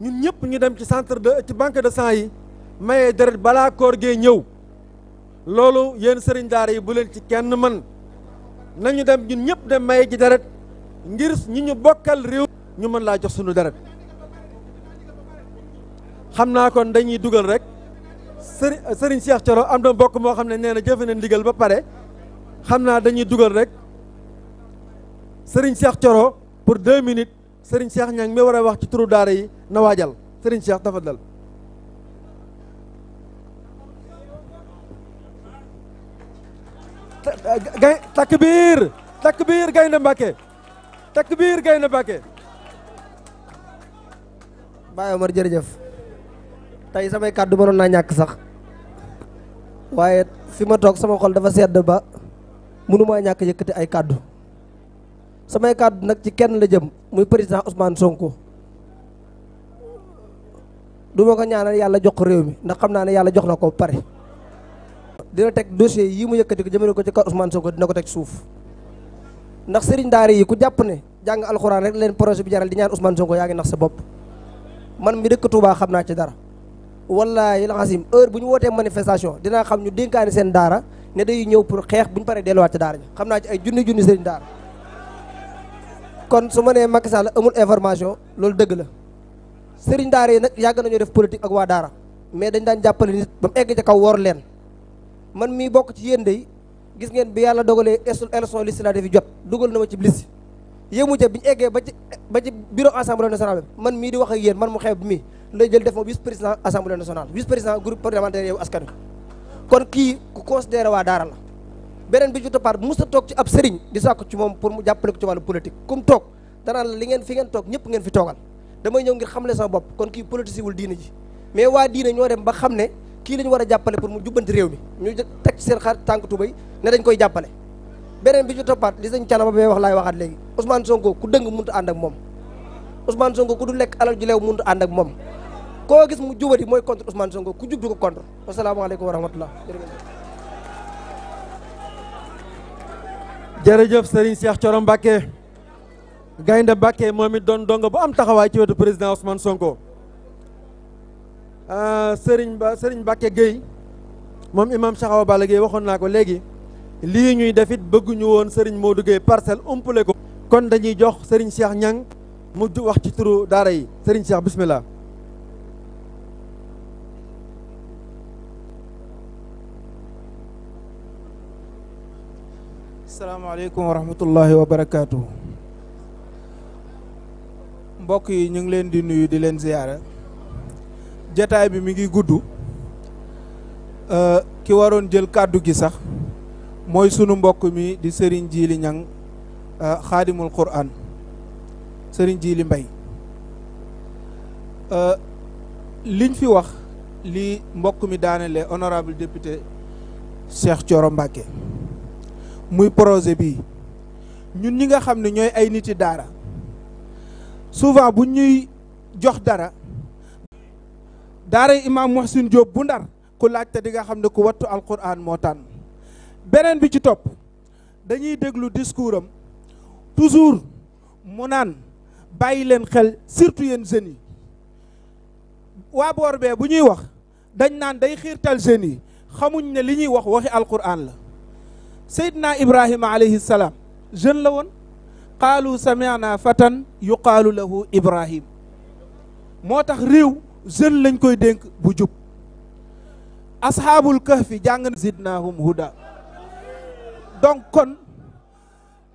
ñun ñëpp ñu dem ci centre de ci banque de sang yi maye deret balaa koor gee ñëw loolu yéen sëriñ daara yi bu leen ci kenn man nañu dem ñun ñëpp dem maye ji deret ngir ñi ñu bokkal réew ñu mën laa jox suñu deret xam naa kon dañuy dugal rek sëri sëriñ seex Thioro am na mbokk moo xam ne nee na jëfe na ndigal ba pare xam naa dañuy dugal rek sëriñ Cheikh Thioro pour deux minutes Serigne Cheikh ñaa ngi war a wax ci turu daara yi na waajal Serigne Cheikh tafadal eh, gay takbir takbir gaynde Mbàkke takbir gaynde Mbàkke Baye Omar jërëjëf tey samay kàddu mënoon naa ñàkk sax waaye fi ma toog sama xol dafa sedd ba mënumaa ñàkk yëkkati ay kàddu samay kàddu nag ci kenn la jëm muy président Ousmane Sonko du ma ko ñaanal yàlla jox ko réew mi ndax xam naa ne yàlla jox na ko pare. dina teg dossier yii mu yëkkati ko jëmale ko ci kaw Ousmane Sonko dina ko teg suuf ndax sëriñ daara yi ku jàpp ne jàng alxuraan rek leen projet bi jaral di ñaan Ousmane Sonko yaa ngi nax sa bopp man mi dëkk Touba xam naa ci dara. wallaahi laxasim heure bu ñu wootee manifestation dinaa xam ñu dénkaani seen daara ne day ñëw pour xeex bu ñu paree delluwaat ci daara xam naa ci ay junni junni sëriñ daara. kon su ma nee Macky la amul information loolu dëgg la sëriñ daara yi nag yàgg nañoo def politique ak waa daara mais dañ daan jàppale nit ba mu egg ca kaw woor leen man mii bokk ci yéen day gis ngeen bi yàlla dogalee élection législative yi jot dugal na ma ci liste yëmu ca bi eggee ba ci ba ci bureau assemblée nationale bi man mii di wax ak yéen man mu xew bi mii lay jël def ma vice président assemblée nationale vice président groupe parlementaire yow askan kon kii ku waa daara la beneen bi ci toppaat musta toog ci ab sëriñ di sàkku ci moom pour mu jàppale ko ci wàllu politique kum toog danaan la li ngeen fi ngeen toog ñëpp ngeen fi toogal damay ñëw ngir xamle sama bopp kon kii politique wul mais waa diine ñoo dem ba xam ne kii la war a jàppale pour mu jubbanti réew mi ñu teg seen xar tànk tubay ne dañ koy jàppale beneen bi ci toppaat li sañ canama bay wax laay waxaat léegi Ousmane Sonko ku dëng mënut ànd ak moom Ousmane Sonko ku du lekk alal ju leew mënut a ànd ak moom koo gis mu jubati mooy contre Ousmane Sonko ku jub ko contre wasalaamaaleykum wa rahmatullah jërëjëf jërëjëf Serigne Cheikh coro Mbacké gaynde Mbacké moom it doon donga bu am taxawaay ci wetu président Ousmane Sonko euh, Serigne ba Serigne Mbacké Gueye moom imam Cheikh Awa Balla Gueye waxoon naa ko léegi lii ñuy def it bëgguñu woon Serigne moo duggee parcelle umpule ko kon dañuy jox Serigne Cheikh Niang mu wax ci turu daara yi Serigne Cheikh bismillah asalaamaaleykum wa rahmatullahi wa mbokk yi ñu ngi leen di nuyu di leen ziyaara jataay bi mi ngi gudd euh, ki waroon jël kàddu gi sax mooy sunu mbokk mi di sëriñ Jili ñaŋ euh, xaadimul Qur'an sëriñ Jili Mbay euh, liñ fi wax li mbokk mi daanale honorable député Cheikh Thioro Mbacké muy projet bii ñun ñi nga xam ne ñooy ay niti daara souvent bu ñuy jox dara daara imaam Muhsin Diop bu ndar ku laajte di nga xam ne ku wattu alquran moo tànn beneen bi ci topp dañuy déglu discours am toujours mu naan bàyyi leen xel surtout yenn jeunes yi waa boor bee bu ñuy wax dañ naan day xiirtal jeunes yi xamuñ ne li ñuy wax waxi alquran la seydina ibrahima alayhi salaam jeune la woon qaalu sami'na fatan yuqaalu lahu ibrahim moo tax réew jeune lañ koy dénk bu jub ashaabul kahfi jàng na zidnahum huda donc kon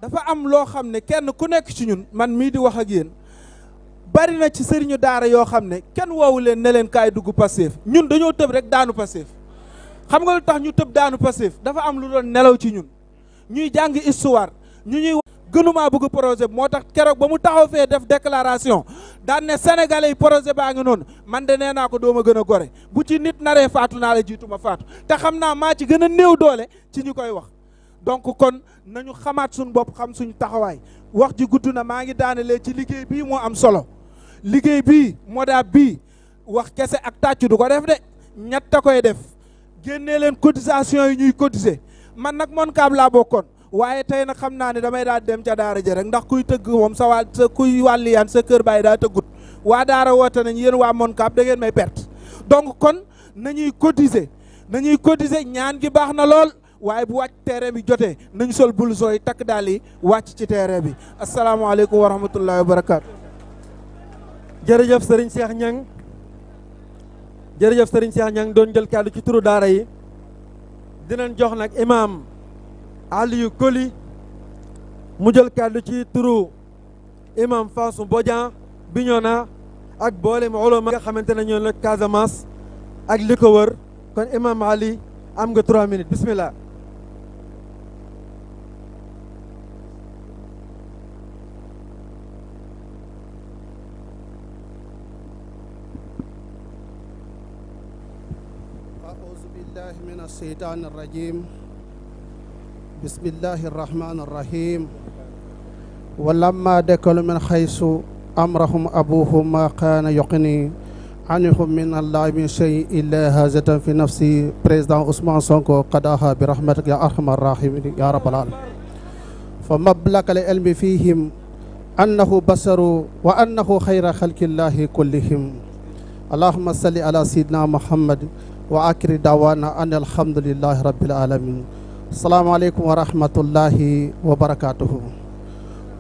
dafa am loo xam ne kenn ku nekk ci ñun man mii di wax ak yéen bari na ci sëriñu daara yoo xam ne kenn woowu leen ne leen kaay dugg Pastef ñun dañoo tëb rek daanu Pastef xam nga lu tax ñu tëb daanu passif dafa am lu doon nelaw ci ñun ñuy jàng histoire ñu ñuy gënumaa bëgg projet moo tax keroog ba mu taxaw fee def déclaration daan ne sénégalais yi projet baa ngi noonu man de nee naa ko a gën a gore bu ci nit naree faatu naa la jiitu ma faatu te xam naa maa ci gën a néew doole ci ñu koy wax donc kon nañu xamaat suñu bopp xam suñu taxawaay wax ji gudd na maa ngi daanelee ci liggéey bii moo am solo liggéey bii modaab bii wax kese ak tàcc ko def de ñett a koy def génnee leen cotisation yi ñuy cotiser man nag moon kaab laa bokkoon waaye tey nag xam naa ne damay daal dem ca daara ja rek ndax kuy tëgg moom sa waa sa kuy wàlliyaan sa kër bàyyi daa tëggut waa daara woote nañu yéen waa moon kaab da ngeen may perte donc kon nañuy cotiser nañuy cotiser ñaan gi baax na lool waaye bu wàcc terrain bi jotee nañu sol blouson yi takk daal yi wàcc ci terrain bi asalaamaaleykum wa rahmatullahi wa barakaatu jërëjëf sëriñ Cheikh Niang jërëjëf sëriñ Cheikh ña ngi doon jël kàddu ci turu daara yi dinañ jox nag imaam Aliou Koli mu jël kàddu ci turu imaam Fansou Bodian Bignona ak boolem ulama nga xamante ne ñoo la Casamance ak li ko wër kon imaam Ali am nga 3 minutes bismillah أعوذ بالله من الشيطان الرجيم بسم الله الرحمن الرحيم ولما دكلوا من حيث أمرهم أبوهم ما كان يقني عنهم من الله من شيء إلا هازة في نفسي président Ousmane Sonko قضاها برحمتك يا أرحم الراحمين يا رب العالمين فمبلغ العلم فيهم أنه بشر وأنه خير خلق الله كلهم اللهم صل على سيدنا محمد waa akiri daawaana an alhamdulilahi rabbil alamin salaamaaleykum wa rahmatullahi wa barakaatuhu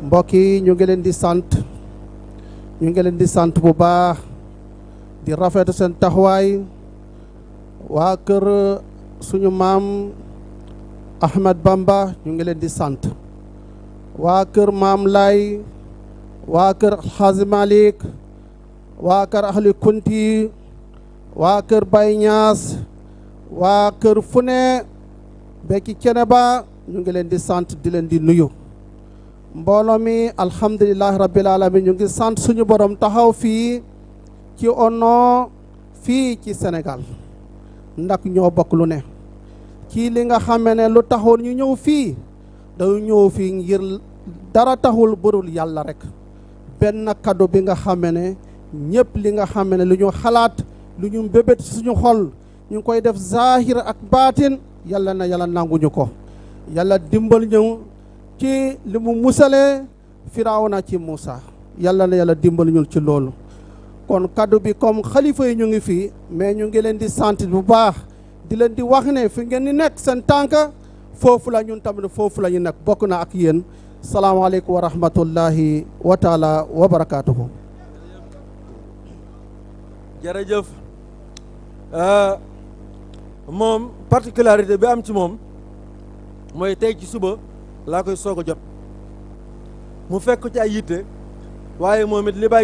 mbokk yi ñu ngi leen di sant ñu ngi leen di sant bu baax di rafetu seen taxawaay waa kër suñu maam Ahmed Bamba ñu ngi leen di sant waa kër maam Laay waa kër Xaaji Malik waa kër ahli kunti waa kër Baye ñaas waa kër Funé ba ci ba ñu ngi leen di sant di leen di nuyu mbooloo mi alhamdulilah rabbil ñu ngi sant suñu borom taxaw fii ci ono fii ci senegal ndax ñoo bokk lu ne ci li nga xamee ne lu taxoon ñu ñëw fii dañu ñëw fii ngir dara taxul burul yàlla rek benn kado bi nga xamee ne ñëpp li nga xamee ne lu ñu xalaat lu ñu mbébét suñu xol ñu ngi koy def zaahir ak baatin yàlla na yalla nanguñu ko yàlla dimbal ñu ci li mu musale firawna ci Muusa yàlla na yalla dimbal ñu ci loolu kon kaddu bi comme xalifa yi ñu ngi fii mais ñu ngi leen di sant bu baax di leen di wax ne fi ngeen ni nekk seen tànk foofu la ñun tamit foofu la ñu nekk bokk na ak yéen salaamaaleykum wa rahmatullahi wa taala wa barakaatuhu jërëjëf Euh, moom particularité bi am ci moom mooy tey ci suba laa koy soog a jot mu fekk ci ay yitte waaye moom it li